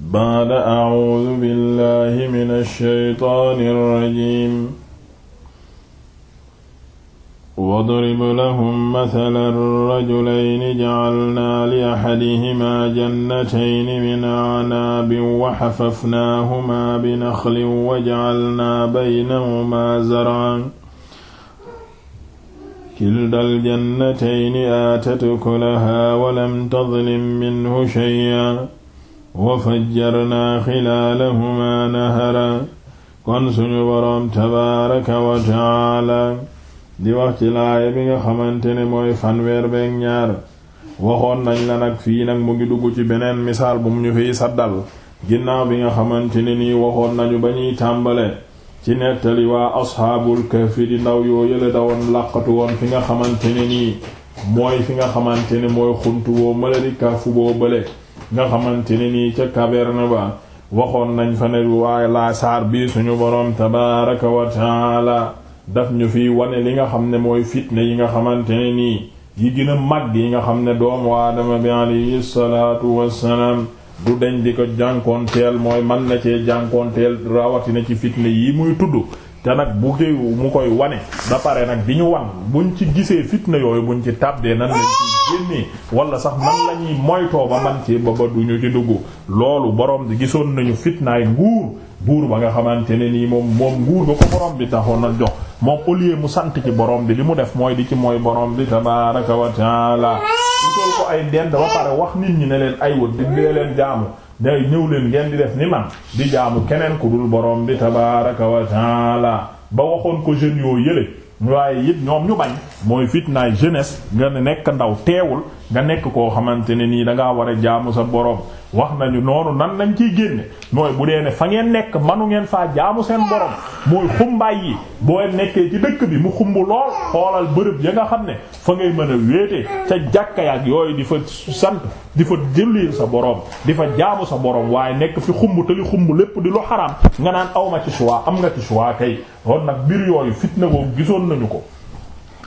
baada acuudu billahi min alsheytaani alrajim wadrib lahum mathala rajulayni jacalnaa li axadihimaa jannatayni min acnaabin wa xafafnaahumaa binaxlin wa jacalnaa baynahumaa zarcan kilda aljannatayni aatat ukulahaa walam tadlim minhu shay'an wa fajjarnaa xilaalahumaa nahara kon suñu boroom tabaaraka wa taala di wax ci laaya bi nga xamante ne mooy fanweer beek ñaar waxoon nañ la nag fii nag mu ngi dugg ci beneen misaal bu mu ñu fiy saddal ginnaaw bi nga xamante ne nii waxoon nañu ba ñuy tàmbale ci nettali waa asxaabul kahfi di ndaw yoo yële dawoon làqatu woon fi nga xamante ne nii mooy fi nga xamante ne mooy xuntu woo mala di boo bële nga xamante ne nii ca caverne ba waxoon nañ fa ne waaye laa saar bii suñu boroom tabaaraka wa taala daf ñu fiy wane li nga xam ne mooy fitna yi nga xamante ne nii yi gën a màgg yi nga xam ne doomu aadama bi alayhi salaatu wassalaam du deñ di ko jànkoonteel mooy mën na cee jànkoonteel rawatina ci fitne yii muy tudd te nag bu géewu mu koy wane da pare nag di ñu wan buñ ci gisee fitna yooyu buñ ci tàbbee na lañ génnee wala sax man la ñuy moytoo ba man ci ba ba duñu ci dugg loolu borom bi gisoon nañu fitnaay nguur buur ba nga xamante ne nii moom moom nguur ba ko borom bi taxoon na jox moom au lieu mu sant ci borom bi li mu def mooy di ci mooy borom bi tabaraka wa taala utool ko ay dend ba pare wax nit ñi ne leen aywa di dee leen jaamu day ñëw leen ngeen di def ni man di jaamu keneen ku dul borom bi tabaraka wa taala ba waxoon ko jeunes yoo yële waaye yit ñoom ñu bañ mooy fitnaay jeunesse nga nekk ndaw teewul nga nekk koo xamante ne nii dangaa war a jaamu sa borom wax ni noonu nan lañ ciy génne mooy bu dee ne fa ngeen nekk manu ngeen faa jaamu seen borom mooy xumbaay yi boo nekkee ci dëkk bi mu xumb lool xoolal bërëb ya nga xam ne fa ngay mën a wéete ca jàkka yaak yooyu di fa sant di fa jëlil sa borom di fa jaamu sa borom waaye nekk fi xumb te xumb lépp di lu xaraam nga naan awma ci choix am nga ci choix kay kon nag mbir yooyu na googu gisoon nañu ko.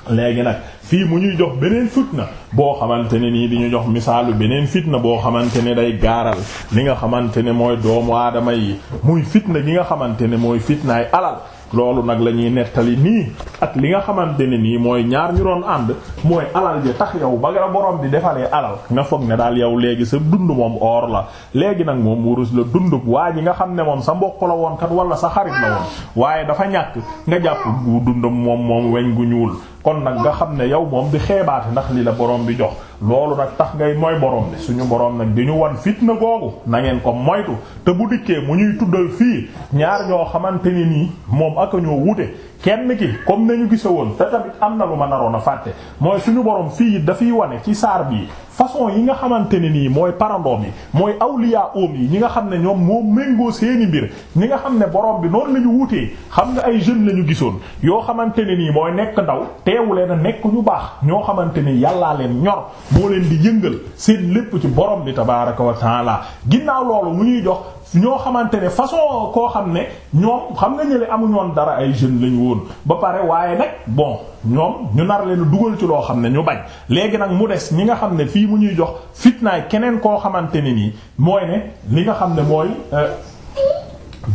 léegi nag fii mu ñuy jox beneen fitna boo xamante ne nii di ñu jox misaalu beneen fitna boo xamante ne day gaaral li nga xamante ne mooy doomu aadama yi muy fitna gi nga xamante ne mooy fitnaay alal loolu nag la ñuy nettali nii ak li nga xamante ne nii mooy ñaar ñu doon ànd mooy alal ji tax yow ba nga borom di defalee alal nga foog ne daal yow léegi sa dund moom or la léegi nag moom wurus la dundub waa ji nga xam ne moom sa mbokk la wonkat kat wala sa xarit la woon waaye dafa ñàkk nga jàpp gu dundam moom moom weñ gu ñuul kon nag nga xam ne yow moom di xeebaate ndax li la borom bi jox loolu nag tax ngay mooy borom bi suñu borom nag di ñu wan fitna googu na ngeen ko moytu te bu dikkee mu ñuy tuddal fii ñaar ñoo xamante ni nii moom ak ñoo wuute kenn ki comme nañu gise woon te am na lu ma naroon a fàtte mooy suñu borom fii dafiy wane ci saar bii façon yi nga xamante ne nii mooy parandoom yi mooy awliya oom yi ñi nga xam ne ñoom moo méngoo seeni mbir ñi nga xam ne borom bi noonu la ñu wutee xam nga ay jeunes la ñu gisoon yoo xamante ne nii mooy nekk ndaw teewu leen a nekk ñu baax ñoo xamante ni yàllaa leen ñor moo leen di yëngal seen lépp ci borom bi tabaaraka wa taala ginnaaw loolu mu ñuy jox ñoo xamante ne façon koo xam ne ñoom xam nga ñële amuñoon dara ay jeunes lañu woon ba pare waaye nag bon ñoom ñu nar leen dugal ci loo xam ne ñu bañ léegi nag mu des ñi nga xam ne fii mu ñuy jox fitnaay keneen koo xamante ne nii mooy ne li nga xam ne mooy euh,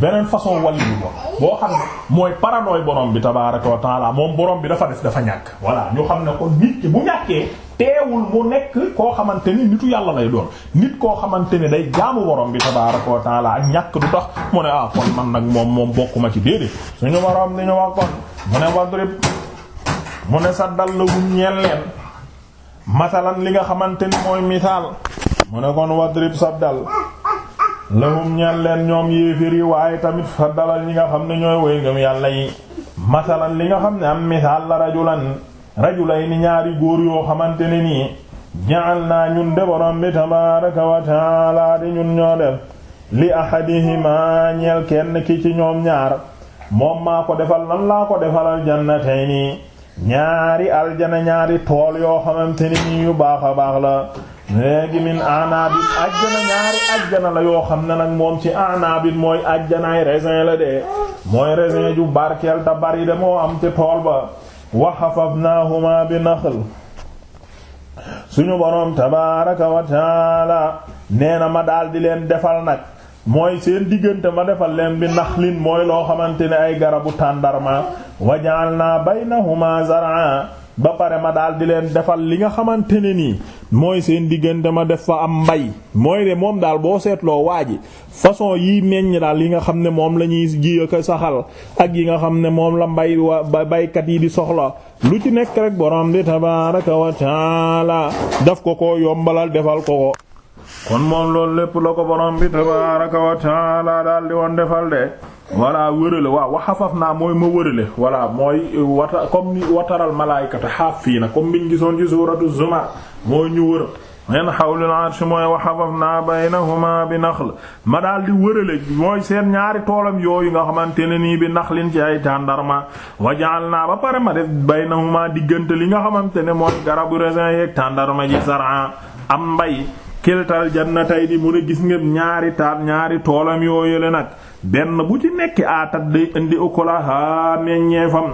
beneen façon wàllu bi boo xam ne mooy paranoïa borom bi tabaaraka wa taala moom boroom bi dafa def dafa ñàkk. voilà ñu xam ne ko nit ki bu ñàkkee teewul mu nekk koo xamante ni nitu yàlla lay doon nit koo xamante ni day jaamu borom bi tabaaraka wa taala ak ñàkk du tax mu ne ah kon man nag moom moom bokkuma ci déedéet suñu borom ni ñu wax kon mu ne wadrib mu ne sa dal la wum ñeel leen masalan li nga xamante ni mooy misaal mu ne kon wadrib sa dal. lahum ñaan leen ñoom yéefér yi waaye tamit fa dalal ñi nga xam ne ñooy woy ngëm yàlla yi masalan li nga xam ne am misaal la rajulan rajulay ni ñaari góor yoo xamante ne nii jaal naa ñun de borom bi tabaraka wa taala di ñun ñoo def li ahadihima ñeel kenn ki ci ñoom ñaar moom maa ko defal lan laa ko defalal jannatayni ñaari aljana ñaari tool yoo xamante ni nii yu baax a baax la léegi min anaabin ajjana ñaari ajjana la yoo xam ne nag moom ci anaabin mooy ajjanaay raisin la de mooy raisin ju barkeel te bari de moo am ci tool ba wa xafafnaahuma bi naxl suñu boroom tabaaraka wa taala nee na ma daal di leen defal nag mooy seen diggante ma defal leen bi naxlin mooy loo xamante ne ay garabu tàndarma wa ja'alnaa baynahuma zar'a ba pare ma daal di leen defal li nga xamante ne nii mooy seen diggante ma def fa am mbay mooy de moom daal boo seetloo waa ji façon yii meññ daal yi nga xam ne moom la ñuy ji ak saxal ak yi nga xam ne moom la mbay wa baykat yi di soxla lu ci nekk rek borom bi tabaaraka wa taala daf ko ko yombalal defal ko ko. kon moom loolu lépp la ko borom bi tabaaraka wa taala daal di woon defal de. voilà wërale waaw waxafaf naa mooy ma wërale voilà mooy euh, wata comme ni wataral malaayikata xaaf fii na comme biñ gisoon ci suuratu zumar mooy ñu wër men xawlil arsh mooy waxafaf naa baynahuma bi naxl ma daal di wërale mooy seen ñaari toolam yooyu nga xamante ne nii bi naxlin ci ay tàndarma wajaal naa ba pare ma def baynahuma diggante li nga xamante ne mooy garabu raisin yeeg tàndarma ji saran am mbay kiltal jannatay di mu ne gis ngeen ñaari taat ñaari toolam yooyu le benn bu ci nekk aatat day indi ukulaha meññeefam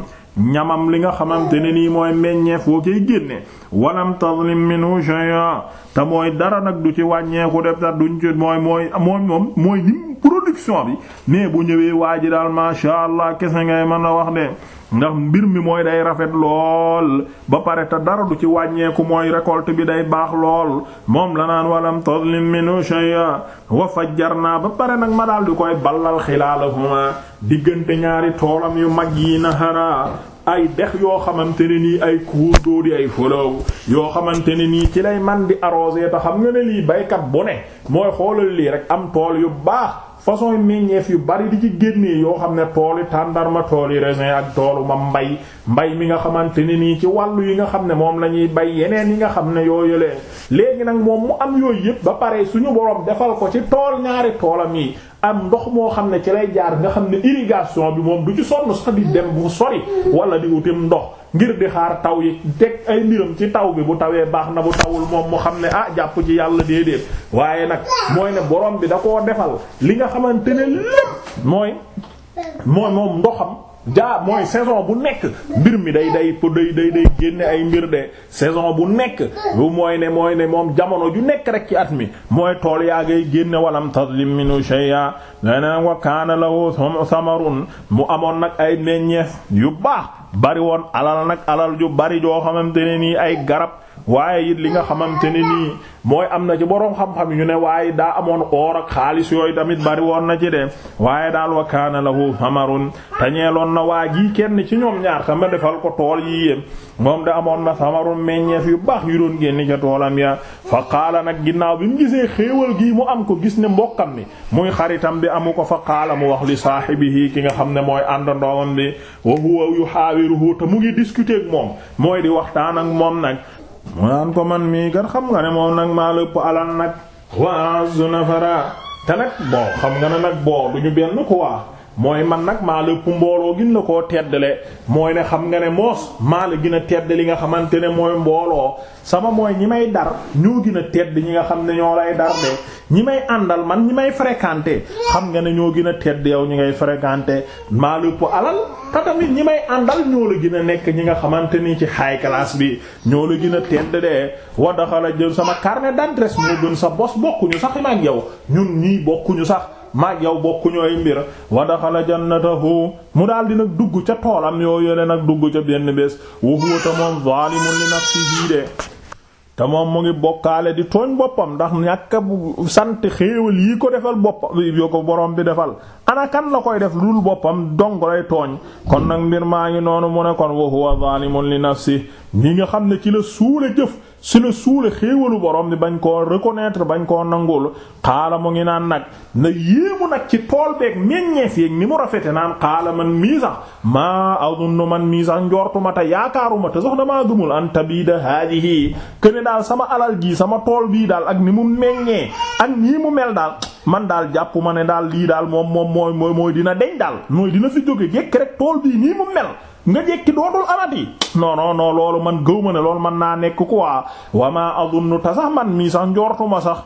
ñamam li nga xamante ne nii mooy meññeef woo koy génne walam tazlim minhu shay'a te mooy dara nag du ci wàññeeku def ta duñ ci mooy mooy moom mooy nim production bi mais bu ñëwee waa ji daal masha allah kese ngay mën a wax ne ndax mbir mi mooy day rafet lool ba pare te dara du ci wàññeeku mooy récolte bi day baax lool moom la naan walam tadlim minu shay'a wa jar naa ba pare nag ma daal di koy ballal xilaalahuma diggante ñaari toolam yu mag yi nahara ay dex yoo xamante ni nii ay cours d'eau di ay fëlaw yoo xamante ne nii ci lay man di arroser te xam nga ne lii baykat bu ne mooy xoolal lii rek am tool yu baax façon meññeef yu bari di ci génnee yoo xam ne tooli tàndarma tooli raisin ak toolu ma mbay mbay mi nga xamante ne nii ci wàllu yi nga xam ne moom la ñuy bay yeneen yi nga xam ne yoo yëlee léegi nag moom mu am yooyu yëpp ba pare suñu borom defal ko ci tool ñaari toolam yi am ndox moo xam ne ci lay jaar nga xam ne irrigation bi moom du ci sonn sax di dem bu sori wala di wutim ndox ngir di xaar taw yi teg ay mbiram ci taw bi bu tawee baax na bu tawul moom mu xam ne ah jàpp ci yàlla déedéet waaye nag mooy ne borom bi da koo defal li nga xamante ne lépp mooy mooy moom ndoxam. jaa mooy saison bu nekk mbir mi day day day day day génne ay mbir de saison bu nekk bu mooy ne mooy ne moom jamono ju nekk rek ci at mi mooy tool yaa ngay génne walam tazlim minu shay'a leneen wa kaana lahu samarun mu amoon nag ay meññeef yu baax bari woon alal nag alal ju bari joo xamante ne nii ay garab waaye it li nga xamante ne nii mooy am na ci boroom xam-xam yu ne waaye daa amoon oor ak xaalis yooyu tamit bari woon na ci de waaye daal wa kaana lahu samarun tañeeloon na waa gi kenn ci ñoom ñaar ma defal ko tool yii yépp moom da amoon na samarun meññeef yu baax yu doon génn ca toolam ya fa qaala nag ginnaaw bi mu gisee xéewal gii mu am ko gis ne mbokkam mi muy xaritam bi amu ko fa xaala mu wax li saahibihi ki nga xam ne mooy àndandoomam bi wa te mu ngi discuter ak moom mooy di waxtaan ak moom nag mu naan ko man mii kat xam nga ne moom nag maa lëpp alal nag waa azzu nafara te nag bon xam nga ne nag bon du ñu benn quoi mooy man nag maa la ëpp mbooloo gin la koo teddale mooy ne xam nga ne moos maala la a tedd li nga xamante ne mooy mbooloo sama mooy ñi may dar ñoo gën a tedd ñi nga xam ne ñoo lay dar ñi may àndal man ñi may fréquenté xam nga ne ñoo gën a tedd yow ñi ngay fréquenté maa la ëpp alal te ñi may àndal ñoo la a nekk ñi nga xamante ni ci high class bi ñoo la gën a tedd de wa jël sama carnet d'adresse moo gën sa bos bokkuñu sax ma ak yow ñun ñii bokkuñu sax maag yow bokkuñu ay mbir wa daxala jannatahu mu daal di nag dugg ca toolam yoo yele nag dugg ca benn bés wa huwa ta moom zalimun li nafsihi de te moom mu ngi bokkaale di tooñ boppam ndax ñàkka sant xéewal yi ko defal bopp yoo ko boroom bi defal anakan la koy def lul boppam dong lay tooñ kon nag mbir maa ngi noonu mu ne kon wa huwa zalimun li nafsi ñi nga xam ne ci la suule jëf si la suule xéewalu borom bi bañ koo reconnaître bañ koo nangul xaala mu ngi naan nag na yéemu nag ci tool beeg meññeef yeeg ni mu rafete naan xaala man mii sax maa adunnu man mii sax njortuma te yaakaaruma daal sama alal jii sama tool bii daal ak ni mu meññee ak nii mu mel daal man daal jàppuma ne daal lii daal moom moom mooy mooy dina deñ daal mooy dina fi jóge jékki rek tool bii nii mu mel nga jékki dootul amati non loolu man gëw ma ne lool man naa nekk quoi wa ma azunnu ta sax man mii sax njortuma sax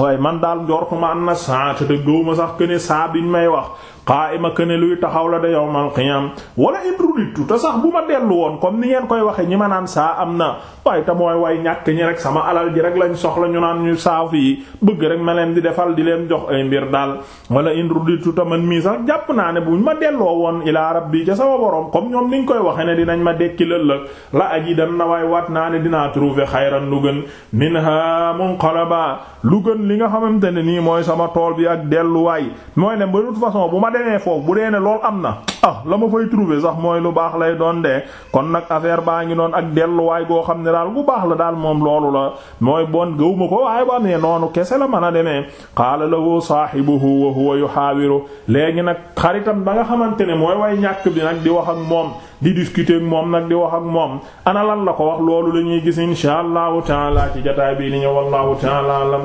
waaye man daal njortuma an na saate te gëw ma sax que ne saa biñ may wax qaa'ima ne luy taxaw la da yawmal qiyaam wala in rudditu te sax bu ma dellu woon comme ni ngeen koy waxe ñi ma naan saa am na waaye te mooy way ñàkk ñi rek sama alal ji rek lañ soxla ñu naan ñu saafu yi bëgg rek ma leen di defal di leen jox ay mbir daal wala in rudditu te man mii sax jàpp naa ne bu buñ ma delloo woon ilaa bii ca sama borom comme ñoom niñ koy waxe ne dinañ ma dekki lëllëg la aji dan na waay waat naa ne dinaa trouver xayran lu gën minha munqalaba lu gën li nga xamante ne nii mooy sama tool bi delluwaay mooy demee foofu bu dee ne lool am na ah, la ma fay trouver sax mooy lu baax lay doon dee kon nag affaire baa ngi noon ak delluwaay goo xam ne daal bu baax la daal moom loolu la mooy bon gëw ma ko waaye bu amee noonu kese la mën a demee qaala lahu saahibuhu wa huwa yuhaawiru léegi nag xaritam ba nga xamante ne mooy way ñàkk bi nag di wax ak moom di discuter ak moom nag di wax ak moom ana lan la ko wax loolu la ñuy gis insha allahu taala ci jotaay bi ni ñëw wallahu taala alam